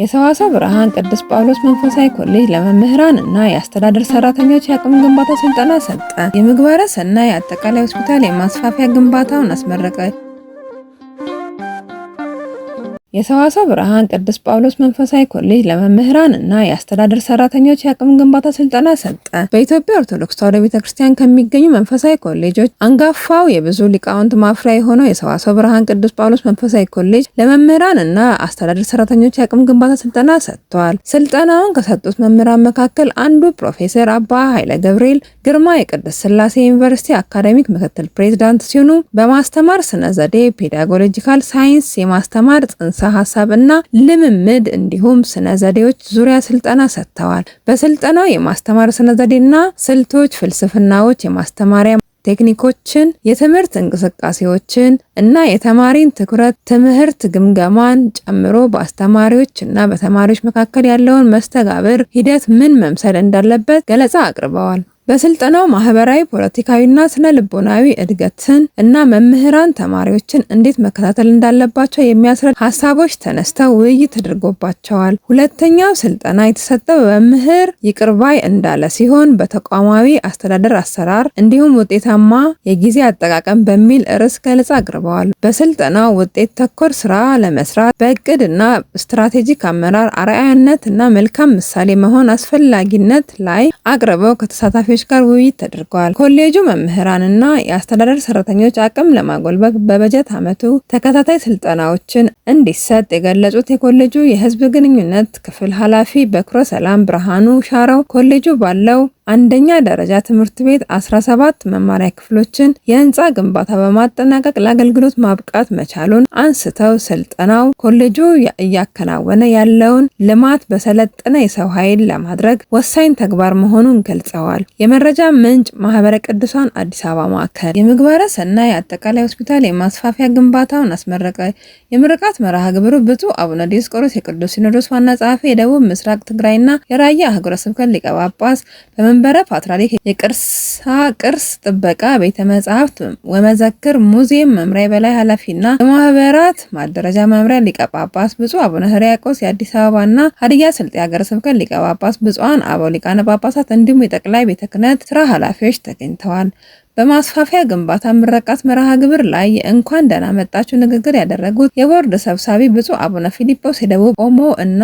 የሰዋሰው ብርሃን ቅዱስ ጳውሎስ መንፈሳዊ ኮሌጅ ለመምህራን እና የአስተዳደር ሰራተኞች የአቅም ግንባታ ስልጠና ሰጠ። የምግባረ ሰናይ አጠቃላይ ሆስፒታል የማስፋፊያ ግንባታውን አስመረቀ። የሰዋሰው ብርሃን ቅዱስ ጳውሎስ መንፈሳዊ ኮሌጅ ለመምህራን እና የአስተዳደር ሰራተኞች የአቅም ግንባታ ስልጠና ሰጠ። በኢትዮጵያ ኦርቶዶክስ ተዋሕዶ ቤተ ክርስቲያን ከሚገኙ መንፈሳዊ ኮሌጆች አንጋፋው የብዙ ሊቃውንት ማፍሪያ የሆነው የሰዋሰው ብርሃን ቅዱስ ጳውሎስ መንፈሳዊ ኮሌጅ ለመምህራን እና አስተዳደር ሰራተኞች የአቅም ግንባታ ስልጠና ሰጥቷል። ስልጠናውን ከሰጡት መምህራን መካከል አንዱ ፕሮፌሰር አባ ኃይለ ገብርኤል ግርማ የቅድስት ስላሴ ዩኒቨርሲቲ አካዳሚክ ምክትል ፕሬዝዳንት ሲሆኑ በማስተማር ስነ ዘዴ፣ ፔዳጎሎጂካል ሳይንስ፣ የማስተማር ጽንሰ ሀሳብ እና ልምምድ እንዲሁም ስነ ዘዴዎች ዙሪያ ስልጠና ሰጥተዋል። በስልጠናው የማስተማር ስነ ዘዴና ስልቶች፣ ፍልስፍናዎች፣ የማስተማሪያ ቴክኒኮችን፣ የትምህርት እንቅስቃሴዎችን እና የተማሪን ትኩረት ትምህርት ግምገማን ጨምሮ በአስተማሪዎች እና በተማሪዎች መካከል ያለውን መስተጋብር ሂደት ምን መምሰል እንዳለበት ገለጻ አቅርበዋል። በስልጠናው ማህበራዊ፣ ፖለቲካዊና ስነ ልቦናዊ እድገትን እና መምህራን ተማሪዎችን እንዴት መከታተል እንዳለባቸው የሚያስረዱ ሀሳቦች ተነስተው ውይይት ተደርጎባቸዋል። ሁለተኛው ስልጠና የተሰጠው በመምህር ይቅርባይ እንዳለ ሲሆን በተቋማዊ አስተዳደር አሰራር እንዲሁም ውጤታማ የጊዜ አጠቃቀም በሚል ርዕስ ገለጻ አቅርበዋል። በስልጠናው ውጤት ተኮር ስራ ለመስራት በእቅድ እና ስትራቴጂክ አመራር አርአያነት እና መልካም ምሳሌ መሆን አስፈላጊነት ላይ አቅርበው ከተሳታፊዎች ሰራተኞች ጋር ውይይት ተደርጓል። ኮሌጁ መምህራንና የአስተዳደር ሰራተኞች አቅም ለማጎልበት በበጀት ዓመቱ ተከታታይ ስልጠናዎችን እንዲሰጥ የገለጹት የኮሌጁ የህዝብ ግንኙነት ክፍል ኃላፊ በኩረ ሰላም ብርሃኑ ሻረው ኮሌጁ ባለው አንደኛ ደረጃ ትምህርት ቤት 17 መማሪያ ክፍሎችን የህንፃ ግንባታ በማጠናቀቅ ለአገልግሎት ማብቃት መቻሉን አንስተው ስልጠናው ኮሌጁ እያከናወነ ያለውን ልማት በሰለጠነ የሰው ኃይል ለማድረግ ወሳኝ ተግባር መሆኑን ገልጸዋል። የመረጃ ምንጭ ማህበረ ቅዱሳን አዲስ አበባ ማዕከል የምግባረ ሰናይ አጠቃላይ ሆስፒታል የማስፋፊያ ግንባታውን አስመረቀ። የምርቃት መርሃ ግብሩ ብፁዕ አቡነ ዲስቆሮስ የቅዱስ ሲኖዶስ ዋና ጸሐፊ፣ የደቡብ ምስራቅ ትግራይና የራያ አህጉረ ስብከት ሊቀ ጳጳስ መንበረ ፓትርያርክ የቅርሳ ቅርስ ጥበቃ ቤተ መጻሕፍት ወመዘክር ሙዚየም መምሪያ የበላይ ኃላፊና የማህበራት ማደረጃ መምሪያ ሊቀ ጳጳስ ብፁዕ አቡነ ሕርያቆስ የአዲስ አበባና ሀዲያ ስልጤ ሀገረ ስብከት ሊቀ ጳጳስ ብፁዓን አበው ሊቃነ ጳጳሳት እንዲሁም የጠቅላይ ቤተ ክህነት ስራ ኃላፊዎች ተገኝተዋል። በማስፋፊያ ግንባታ ምረቃት መርሃ ግብር ላይ የእንኳን ደህና መጣችሁ ንግግር ያደረጉት የቦርድ ሰብሳቢ ብፁዕ አቡነ ፊሊጶስ የደቡብ ኦሞ እና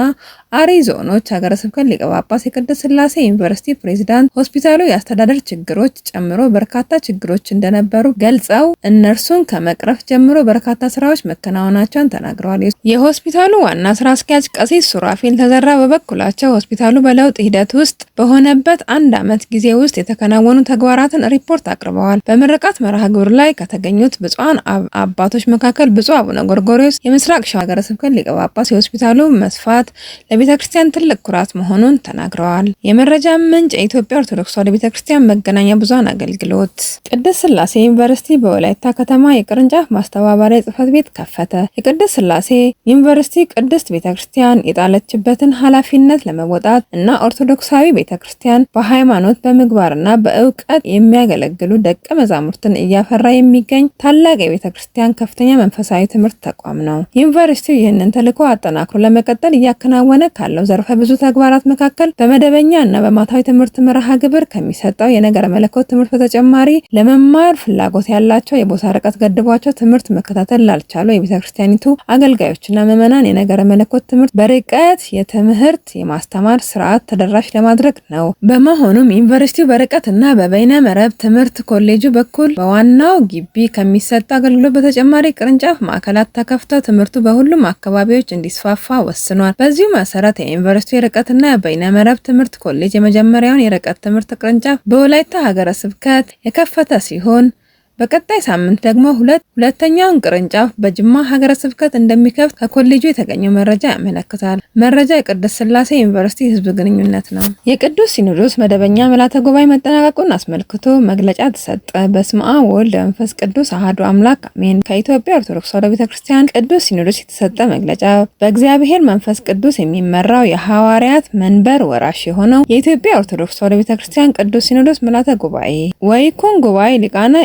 አሪ ዞኖች ሀገረ ስብከት ሊቀ ጳጳስ፣ የቅድስት ሥላሴ ዩኒቨርሲቲ ፕሬዝዳንት፣ ሆስፒታሉ የአስተዳደር ችግሮች ጨምሮ በርካታ ችግሮች እንደነበሩ ገልጸው እነርሱን ከመቅረፍ ጀምሮ በርካታ ስራዎች መከናወናቸውን ተናግረዋል። የሆስፒታሉ ዋና ስራ አስኪያጅ ቀሲስ ሱራፌል ተዘራ በበኩላቸው ሆስፒታሉ በለውጥ ሂደት ውስጥ በሆነበት አንድ ዓመት ጊዜ ውስጥ የተከናወኑ ተግባራትን ሪፖርት አቅርበዋል። አቅርበዋል። በምረቃት መርሃ ግብር ላይ ከተገኙት ብፁዓን አባቶች መካከል ብፁዕ አቡነ ጎርጎሪዎስ የምስራቅ ሸዋ ሀገረ ስብከት ሊቀ ጳጳስ የሆስፒታሉ መስፋት ለቤተ ክርስቲያን ትልቅ ኩራት መሆኑን ተናግረዋል። የመረጃ ምንጭ የኢትዮጵያ ኦርቶዶክስ ተዋሕዶ ቤተ ክርስቲያን መገናኛ ብዙሃን አገልግሎት። ቅድስት ሥላሴ ዩኒቨርሲቲ በወላይታ ከተማ የቅርንጫፍ ማስተባበሪያ ጽህፈት ቤት ከፈተ። የቅድስት ሥላሴ ዩኒቨርሲቲ ቅድስት ቤተ ክርስቲያን የጣለችበትን ኃላፊነት ለመወጣት እና ኦርቶዶክሳዊ ቤተ ክርስቲያን በሃይማኖት በምግባርና በእውቀት የሚያገለግሉ ደቀ መዛሙርትን እያፈራ የሚገኝ ታላቅ የቤተ ክርስቲያን ከፍተኛ መንፈሳዊ ትምህርት ተቋም ነው። ዩኒቨርሲቲው ይህንን ተልዕኮ አጠናክሮ ለመቀጠል እያከናወነ ካለው ዘርፈ ብዙ ተግባራት መካከል በመደበኛ እና በማታዊ ትምህርት መርሃ ግብር ከሚሰጠው የነገረ መለኮት ትምህርት በተጨማሪ ለመማር ፍላጎት ያላቸው የቦታ ርቀት ገድቧቸው ትምህርት መከታተል ላልቻሉ የቤተ ክርስቲያኒቱ አገልጋዮችና ምዕመናን የነገረ መለኮት ትምህርት በርቀት የትምህርት የማስተማር ስርዓት ተደራሽ ለማድረግ ነው። በመሆኑም ዩኒቨርሲቲው በርቀት እና በበይነ መረብ ትምህርት ኮሌጁ በኩል በዋናው ግቢ ከሚሰጥ አገልግሎት በተጨማሪ ቅርንጫፍ ማዕከላት ተከፍተው ትምህርቱ በሁሉም አካባቢዎች እንዲስፋፋ ወስኗል። በዚሁ መሰረት የዩኒቨርሲቲ የርቀትና የበይነመረብ ትምህርት ኮሌጅ የመጀመሪያውን የርቀት ትምህርት ቅርንጫፍ በወላይታ ሀገረ ስብከት የከፈተ ሲሆን በቀጣይ ሳምንት ደግሞ ሁለት ሁለተኛውን ቅርንጫፍ በጅማ ሀገረ ስብከት እንደሚከፍት ከኮሌጁ የተገኘው መረጃ ያመለክታል። መረጃ የቅዱስ ስላሴ ዩኒቨርሲቲ ህዝብ ግንኙነት ነው። የቅዱስ ሲኖዶስ መደበኛ ምልዓተ ጉባኤ መጠናቀቁን አስመልክቶ መግለጫ ተሰጠ። በስመ አብ ወወልድ ወመንፈስ ቅዱስ አሐዱ አምላክ አሜን። ከኢትዮጵያ ኦርቶዶክስ ተዋሕዶ ቤተክርስቲያን ቅዱስ ሲኖዶስ የተሰጠ መግለጫ በእግዚአብሔር መንፈስ ቅዱስ የሚመራው የሐዋርያት መንበር ወራሽ የሆነው የኢትዮጵያ ኦርቶዶክስ ተዋሕዶ ቤተክርስቲያን ቅዱስ ሲኖዶስ ምልዓተ ጉባኤ ወይኩን ጉባኤ ሊቃነ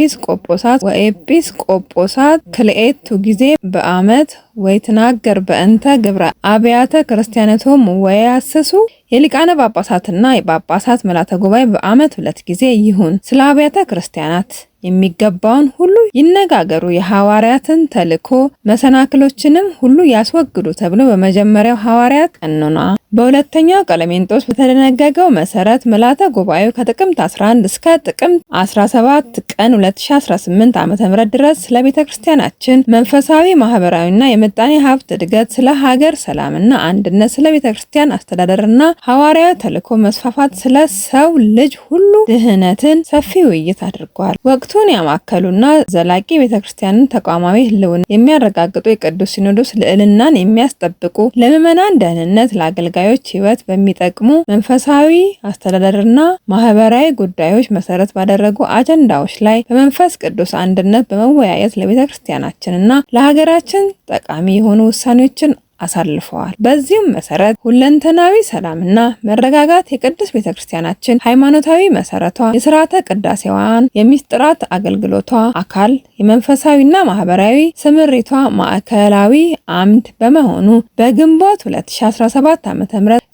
ኤጲስቆጶሳት ወኤጲስቆጶሳት ክልኤቱ ጊዜ በአመት ወይትናገር በእንተ ግብረ አብያተ ወይ ወያስሱ የሊቃነ ጳጳሳትና የጳጳሳት መላተ ጉባኤ በዓመት ሁለት ጊዜ ይሁን። ስለ አብያተ ክርስቲያናት የሚገባውን ሁሉ ይነጋገሩ፣ የሐዋርያትን ተልእኮ መሰናክሎችንም ሁሉ ያስወግዱ ተብሎ በመጀመሪያው ሐዋርያት ቀኖና በሁለተኛው ቀለሜንጦስ በተደነገገው መሰረት መላተ ጉባኤው ከጥቅምት 11 እስከ ጥቅምት 17 ቀን 2018 ዓ.ም ድረስ ስለ ቤተ ክርስቲያናችን መንፈሳዊ ማህበራዊና ምጣኔ ሀብት እድገት፣ ስለ ሀገር ሰላምና አንድነት፣ ስለ ቤተ ክርስቲያን አስተዳደርና ሐዋርያ ተልእኮ መስፋፋት፣ ስለ ሰው ልጅ ሁሉ ድህነትን ሰፊ ውይይት አድርጓል። ወቅቱን ያማከሉና ዘላቂ ቤተ ክርስቲያንን ተቋማዊ ህልውና የሚያረጋግጡ የቅዱስ ሲኖዶስ ልዕልናን የሚያስጠብቁ ለምዕመናን ደህንነት፣ ለአገልጋዮች ህይወት በሚጠቅሙ መንፈሳዊ አስተዳደርና ማህበራዊ ጉዳዮች መሰረት ባደረጉ አጀንዳዎች ላይ በመንፈስ ቅዱስ አንድነት በመወያየት ለቤተ ክርስቲያናችንና ለሀገራችን ጠቃሚ ጠቃሚ የሆኑ ውሳኔዎችን አሳልፈዋል። በዚህም መሰረት ሁለንተናዊ ሰላምና መረጋጋት የቅድስት ቤተ ክርስቲያናችን ሃይማኖታዊ መሰረቷ፣ የስርዓተ ቅዳሴዋን፣ የሚስጥራት አገልግሎቷ አካል፣ የመንፈሳዊና ማህበራዊ ስምሪቷ ማዕከላዊ አምድ በመሆኑ በግንቦት 2017 ዓ.ም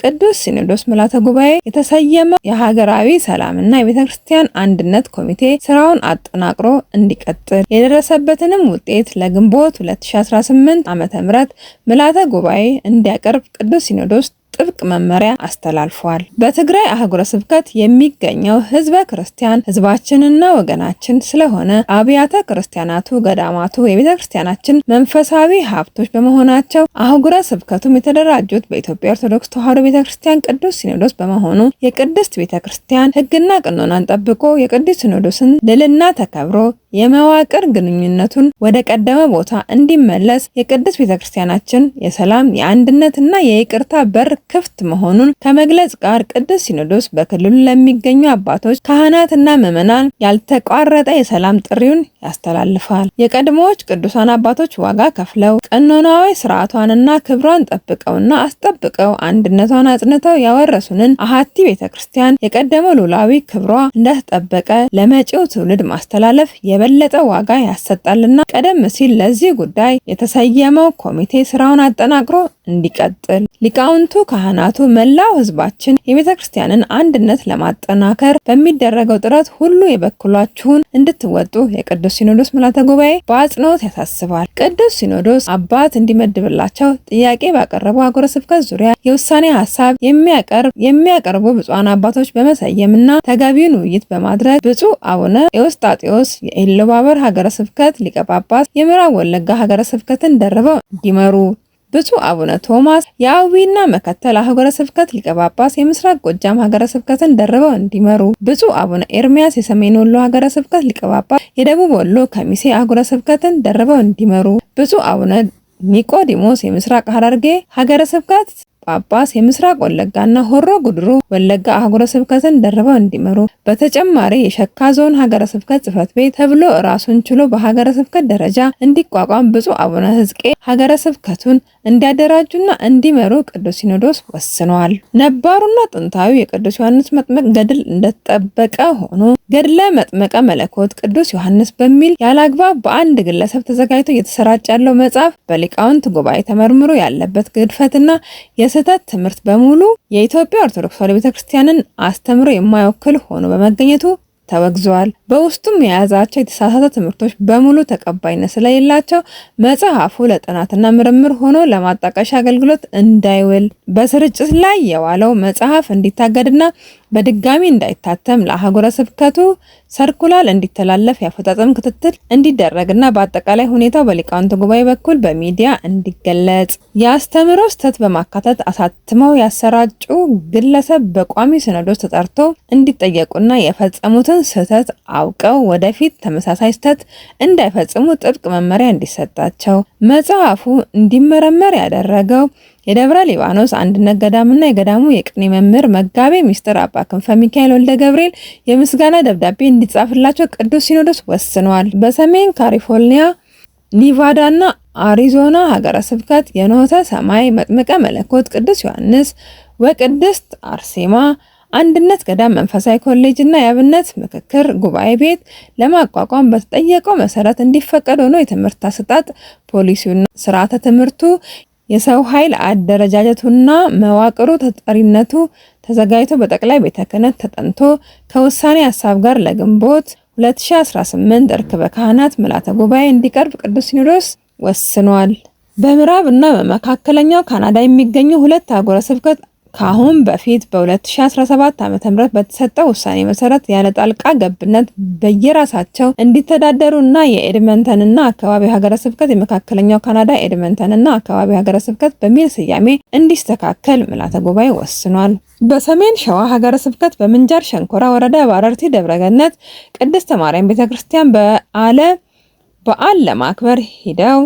ቅዱስ ሲኖዶስ ምልዓተ ጉባኤ የተሰየመ የሀገራዊ ሰላምና የቤተ ክርስቲያን አንድነት ኮሚቴ ስራውን አጠናቅሮ እንዲቀጥል የደረሰበትንም ውጤት ለግንቦት 2018 ም ምልዓተ ጉባኤ እንዲያቀርብ ቅዱስ ሲኖዶስ ጥብቅ መመሪያ አስተላልፏል። በትግራይ አህጉረ ስብከት የሚገኘው ህዝበ ክርስቲያን ህዝባችንና ወገናችን ስለሆነ አብያተ ክርስቲያናቱ፣ ገዳማቱ የቤተ ክርስቲያናችን መንፈሳዊ ሀብቶች በመሆናቸው አህጉረ ስብከቱም የተደራጁት በኢትዮጵያ ኦርቶዶክስ ተዋሕዶ ቤተ ክርስቲያን ቅዱስ ሲኖዶስ በመሆኑ የቅድስት ቤተ ክርስቲያን ህግና ቅኖናን ጠብቆ የቅዱስ ሲኖዶስን ልልና ተከብሮ የመዋቅር ግንኙነቱን ወደ ቀደመ ቦታ እንዲመለስ የቅድስት ቤተክርስቲያናችን የሰላም የአንድነትና የይቅርታ በር ክፍት መሆኑን ከመግለጽ ጋር ቅዱስ ሲኖዶስ በክልሉ ለሚገኙ አባቶች ካህናትና ምዕመናን ያልተቋረጠ የሰላም ጥሪውን ያስተላልፋል። የቀድሞዎች ቅዱሳን አባቶች ዋጋ ከፍለው ቀኖናዊ ስርዓቷንና ክብሯን ጠብቀውና አስጠብቀው አንድነቷን አጽንተው ያወረሱንን አሐቲ ቤተክርስቲያን የቀደመው ሉላዊ ክብሯ እንደተጠበቀ ለመጪው ትውልድ ማስተላለፍ የበለጠ ዋጋ ያሰጣልና ቀደም ሲል ለዚህ ጉዳይ የተሰየመው ኮሚቴ ስራውን አጠናቅሮ እንዲቀጥል ሊቃውንቱ፣ ካህናቱ፣ መላው ህዝባችን የቤተ ክርስቲያንን አንድነት ለማጠናከር በሚደረገው ጥረት ሁሉ የበኩላችሁን እንድትወጡ የቅዱስ ሲኖዶስ ምልዓተ ጉባኤ በአጽንኦት ያሳስባል። ቅዱስ ሲኖዶስ አባት እንዲመድብላቸው ጥያቄ ባቀረቡ አህጉረ ስብከት ዙሪያ የውሳኔ ሀሳብ የሚያቀርቡ ብፁዓን አባቶች በመሰየምና ተገቢውን ውይይት በማድረግ ብፁዕ አቡነ ኤዎስጣቴዎስ እንለባበር ሀገረ ስብከት ሊቀ ጳጳስ የምዕራብ ወለጋ ሀገረ ስብከትን ደርበው እንዲመሩ ብፁዕ አቡነ ቶማስ የአዊና መከተል ሀገረ ስብከት ሊቀ ጳጳስ የምስራቅ ጎጃም ሀገረ ስብከትን ደርበው እንዲመሩ፣ ብፁዕ አቡነ ኤርሚያስ የሰሜን ወሎ ሀገረ ስብከት ሊቀ ጳጳስ የደቡብ ወሎ ከሚሴ ሀገረ ስብከትን ደርበው እንዲመሩ፣ ብፁዕ አቡነ ኒቆዲሞስ የምስራቅ ሐረርጌ ሀገረ ስብከት ጳጳስ የምስራቅ ወለጋና ሆሮ ጉድሩ ወለጋ አህጉረ ስብከትን ደርበው እንዲመሩ በተጨማሪ የሸካ ዞን ሀገረ ስብከት ጽሕፈት ቤት ተብሎ ራሱን ችሎ በሀገረ ስብከት ደረጃ እንዲቋቋም ብፁዕ አቡነ ሕዝቄ ሀገረ ስብከቱን እንዲያደራጁና እንዲመሩ ቅዱስ ሲኖዶስ ወስነዋል። ነባሩና ጥንታዊ የቅዱስ ዮሐንስ መጥምቅ ገድል እንደተጠበቀ ሆኖ ገድለ መጥምቀ መለኮት ቅዱስ ዮሐንስ በሚል ያለአግባብ በአንድ ግለሰብ ተዘጋጅቶ እየተሰራጨ ያለው መጽሐፍ በሊቃውንት ጉባኤ ተመርምሮ ያለበት ግድፈትና የስህተት ትምህርት በሙሉ የኢትዮጵያ ኦርቶዶክስ ተዋሕዶ ቤተክርስቲያንን አስተምሮ የማይወክል ሆኖ በመገኘቱ ተወግዟል። በውስጡም የያዛቸው የተሳሳተ ትምህርቶች በሙሉ ተቀባይነት ስለሌላቸው መጽሐፉ ለጥናትና ምርምር ሆኖ ለማጣቀሻ አገልግሎት እንዳይውል በስርጭት ላይ የዋለው መጽሐፍ እንዲታገድና በድጋሚ እንዳይታተም ለአህጉረ ስብከቱ ሰርኩላል እንዲተላለፍ የአፈጻጸም ክትትል እንዲደረግና በአጠቃላይ ሁኔታው በሊቃውንት ጉባኤ በኩል በሚዲያ እንዲገለጽ የአስተምህሮ ስህተት በማካተት አሳትመው ያሰራጩ ግለሰብ በቋሚ ሲኖዶስ ተጠርቶ እንዲጠየቁና የፈጸሙትን ስህተት አውቀው ወደፊት ተመሳሳይ ስህተት እንዳይፈጽሙ ጥብቅ መመሪያ እንዲሰጣቸው መጽሐፉ እንዲመረመር ያደረገው የደብረ ሊባኖስ አንድነት ገዳምና የገዳሙ የቅኔ መምህር መጋቤ ምስጢር አባ ክንፈ ሚካኤል ወልደ ገብርኤል የምስጋና ደብዳቤ እንዲጻፍላቸው ቅዱስ ሲኖዶስ ወስኗል። በሰሜን ካሊፎርኒያ ኒቫዳና አሪዞና ሀገረ ስብከት የኖተ ሰማይ መጥምቀ መለኮት ቅዱስ ዮሐንስ ወቅድስት አርሴማ አንድነት ገዳም መንፈሳዊ ኮሌጅ እና የአብነት ምክክር ጉባኤ ቤት ለማቋቋም በተጠየቀው መሰረት እንዲፈቀድ ሆኖ የትምህርት አሰጣጥ ፖሊሲውና ስርዓተ ትምህርቱ የሰው ኃይል አደረጃጀቱና መዋቅሩ ተጠሪነቱ ተዘጋጅቶ በጠቅላይ ቤተ ክህነት ተጠንቶ ከውሳኔ ሀሳብ ጋር ለግንቦት 2018 እርክበ ካህናት ምልዓተ ጉባኤ እንዲቀርብ ቅዱስ ሲኖዶስ ወስኗል። በምዕራብ እና በመካከለኛው ካናዳ የሚገኙ ሁለት አህጉረ ስብከት ከአሁን በፊት በ2017 ዓ.ም በተሰጠው ውሳኔ መሰረት ያለ ጣልቃ ገብነት በየራሳቸው እንዲተዳደሩና የኤድመንተንና አካባቢ ሀገረ ስብከት የመካከለኛው ካናዳ ኤድመንተንና አካባቢ ሀገረ ስብከት በሚል ስያሜ እንዲስተካከል ምልዓተ ጉባኤ ወስኗል። በሰሜን ሸዋ ሀገረ ስብከት በምንጃር ሸንኮራ ወረዳ ባረርቲ ደብረገነት ቅድስተ ማርያም ቤተክርስቲያን በዓለ በዓል ለማክበር ሂደው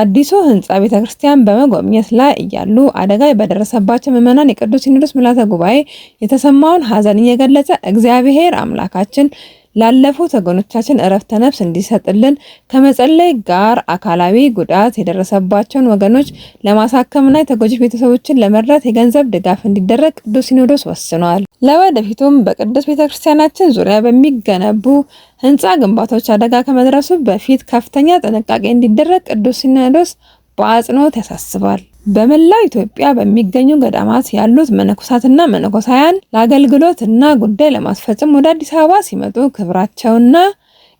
አዲሱ ህንጻ ቤተ ክርስቲያን በመጎብኘት ላይ እያሉ አደጋ በደረሰባቸው ምዕመናን የቅዱስ ሲኖዶስ ምልዓተ ጉባኤ የተሰማውን ሐዘን እየገለጸ እግዚአብሔር አምላካችን ላለፉት ወገኖቻችን እረፍተ ነፍስ እንዲሰጥልን ከመጸለይ ጋር አካላዊ ጉዳት የደረሰባቸውን ወገኖች ለማሳከምና የተጎጂ ቤተሰቦችን ለመርዳት የገንዘብ ድጋፍ እንዲደረግ ቅዱስ ሲኖዶስ ወስኗል። ለወደፊቱም በቅዱስ ቤተክርስቲያናችን ዙሪያ በሚገነቡ ህንፃ ግንባታዎች አደጋ ከመድረሱ በፊት ከፍተኛ ጥንቃቄ እንዲደረግ ቅዱስ ሲኖዶስ በአጽንኦት ያሳስባል። በመላው ኢትዮጵያ በሚገኙ ገዳማት ያሉት መነኮሳትና መነኮሳያን ለአገልግሎት እና ጉዳይ ለማስፈጸም ወደ አዲስ አበባ ሲመጡ ክብራቸውና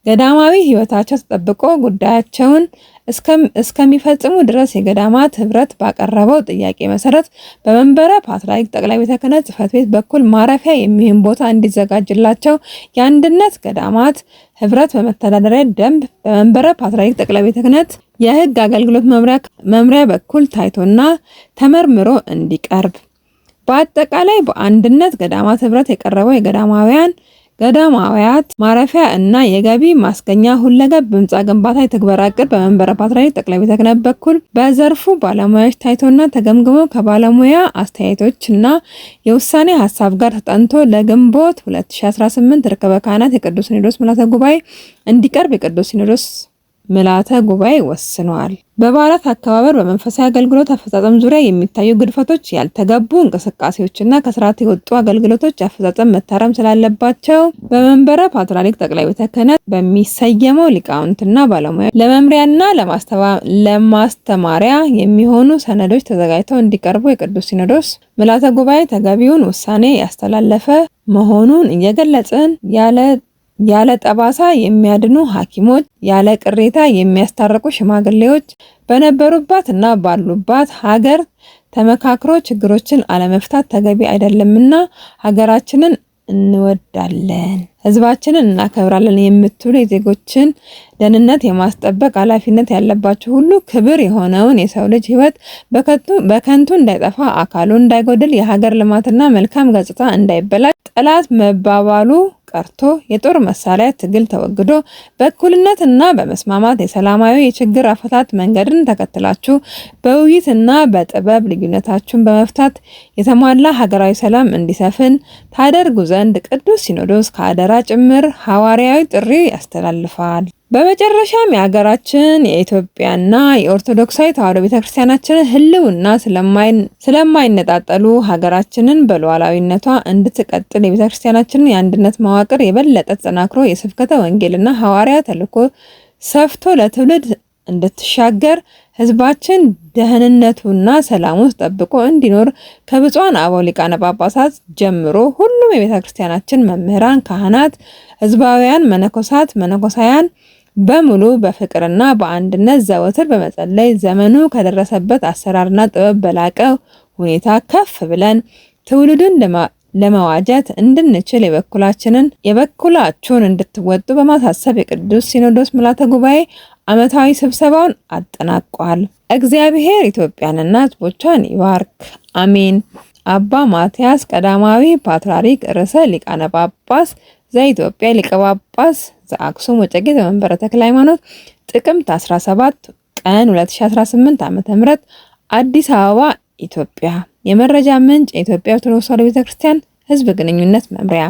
ገዳማዊ ሕይወታቸው ተጠብቆ ጉዳያቸውን እስከሚፈጽሙ ድረስ የገዳማት ህብረት ባቀረበው ጥያቄ መሰረት በመንበረ ፓትርያርክ ጠቅላይ ቤተ ክህነት ጽሕፈት ቤት በኩል ማረፊያ የሚሆን ቦታ እንዲዘጋጅላቸው የአንድነት ገዳማት ህብረት በመተዳደሪያ ደንብ በመንበረ ፓትርያርክ ጠቅላይ ቤተ ክህነት የህግ አገልግሎት መምሪያ በኩል ታይቶና ተመርምሮ እንዲቀርብ በአጠቃላይ በአንድነት ገዳማት ህብረት የቀረበው የገዳማውያን ገዳማውያት ማረፊያ እና የገቢ ማስገኛ ሁለገብ ህንፃ ግንባታ የትግበራ እቅድ በመንበረ ፓትርያርክ ጠቅላይ ቤተ ክህነት በኩል በዘርፉ ባለሙያዎች ታይቶና ተገምግሞ ከባለሙያ አስተያየቶች እና የውሳኔ ሀሳብ ጋር ተጠንቶ ለግንቦት 2018 ርክበ ካህናት የቅዱስ ሲኖዶስ ምልዓተ ጉባኤ እንዲቀርብ የቅዱስ ሲኖዶስ ምልዓተ ጉባኤ ወስኗል። በበዓላት አከባበር፣ በመንፈሳዊ አገልግሎት አፈጻጸም ዙሪያ የሚታዩ ግድፈቶች፣ ያልተገቡ እንቅስቃሴዎችና ከስርዓት የወጡ አገልግሎቶች አፈጻጸም መታረም ስላለባቸው በመንበረ ፓትርያርክ ጠቅላይ ቤተ ክህነት በሚሰየመው ሊቃውንትና ባለሙያ ለመምሪያና ለማስተማሪያ የሚሆኑ ሰነዶች ተዘጋጅተው እንዲቀርቡ የቅዱስ ሲኖዶስ ምልዓተ ጉባኤ ተገቢውን ውሳኔ ያስተላለፈ መሆኑን እየገለጽን ያለ ያለ ጠባሳ የሚያድኑ ሐኪሞች፣ ያለ ቅሬታ የሚያስታርቁ ሽማግሌዎች በነበሩባት እና ባሉባት ሀገር ተመካክሮ ችግሮችን አለመፍታት ተገቢ አይደለምና ሀገራችንን እንወዳለን፣ ህዝባችንን እናከብራለን የምትሉ የዜጎችን ደህንነት የማስጠበቅ ኃላፊነት ያለባችሁ ሁሉ ክብር የሆነውን የሰው ልጅ ህይወት በከንቱ እንዳይጠፋ፣ አካሉ እንዳይጎድል፣ የሀገር ልማትና መልካም ገጽታ እንዳይበላሽ ጠላት መባባሉ ቀርቶ የጦር መሳሪያ ትግል ተወግዶ በእኩልነትና በመስማማት የሰላማዊ የችግር አፈታት መንገድን ተከትላችሁ በውይይትና በጥበብ ልዩነታችሁን በመፍታት የተሟላ ሀገራዊ ሰላም እንዲሰፍን ታደርጉ ዘንድ ቅዱስ ሲኖዶስ ከአደራ ጭምር ሐዋርያዊ ጥሪ ያስተላልፋል። በመጨረሻም የሀገራችን የኢትዮጵያና የኦርቶዶክሳዊ ተዋሕዶ ቤተክርስቲያናችንን ህልውና ስለማይነጣጠሉ ሀገራችንን በሉዓላዊነቷ እንድትቀጥል የቤተክርስቲያናችንን የአንድነት መዋቅር የበለጠ ተጠናክሮ የስብከተ ወንጌልና ሐዋርያ ተልእኮ ሰፍቶ ለትውልድ እንድትሻገር ህዝባችን ደህንነቱና ሰላሙ ጠብቆ እንዲኖር ከብፁዓን አበው ሊቃነ ጳጳሳት ጀምሮ ሁሉም የቤተክርስቲያናችን መምህራን፣ ካህናት፣ ህዝባውያን፣ መነኮሳት፣ መነኮሳያን በሙሉ በፍቅርና በአንድነት ዘወትር በመጸለይ ዘመኑ ከደረሰበት አሰራርና ጥበብ በላቀ ሁኔታ ከፍ ብለን ትውልድን ለመዋጀት እንድንችል የበኩላችንን የበኩላችሁን እንድትወጡ በማሳሰብ የቅዱስ ሲኖዶስ ምልዓተ ጉባኤ ዓመታዊ ስብሰባውን አጠናቋል። እግዚአብሔር ኢትዮጵያንና ሕዝቦቿን ይባርክ፣ አሜን። አባ ማትያስ ቀዳማዊ ፓትርያርክ ርዕሰ ሊቃነ ጳጳስ ዘኢትዮጵያ ሊቀ ጳጳስ መንግስት አክሱም ወጨጌ ዘመንበረ ተክለ ሃይማኖት ጥቅምት 17 ቀን 2018 ዓ.ም አዲስ አበባ ኢትዮጵያ። የመረጃ ምንጭ የኢትዮጵያ ኦርቶዶክስ ተዋሕዶ ቤተክርስቲያን ህዝብ ግንኙነት መምሪያ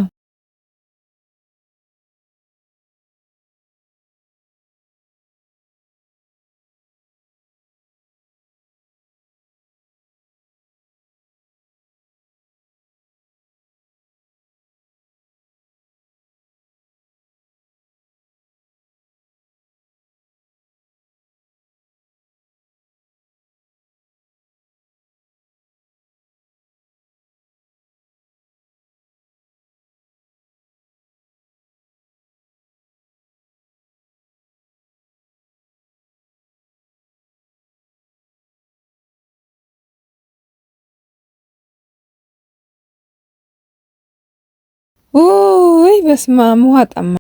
ውይ በስመ አብ ውሃ ጠማ።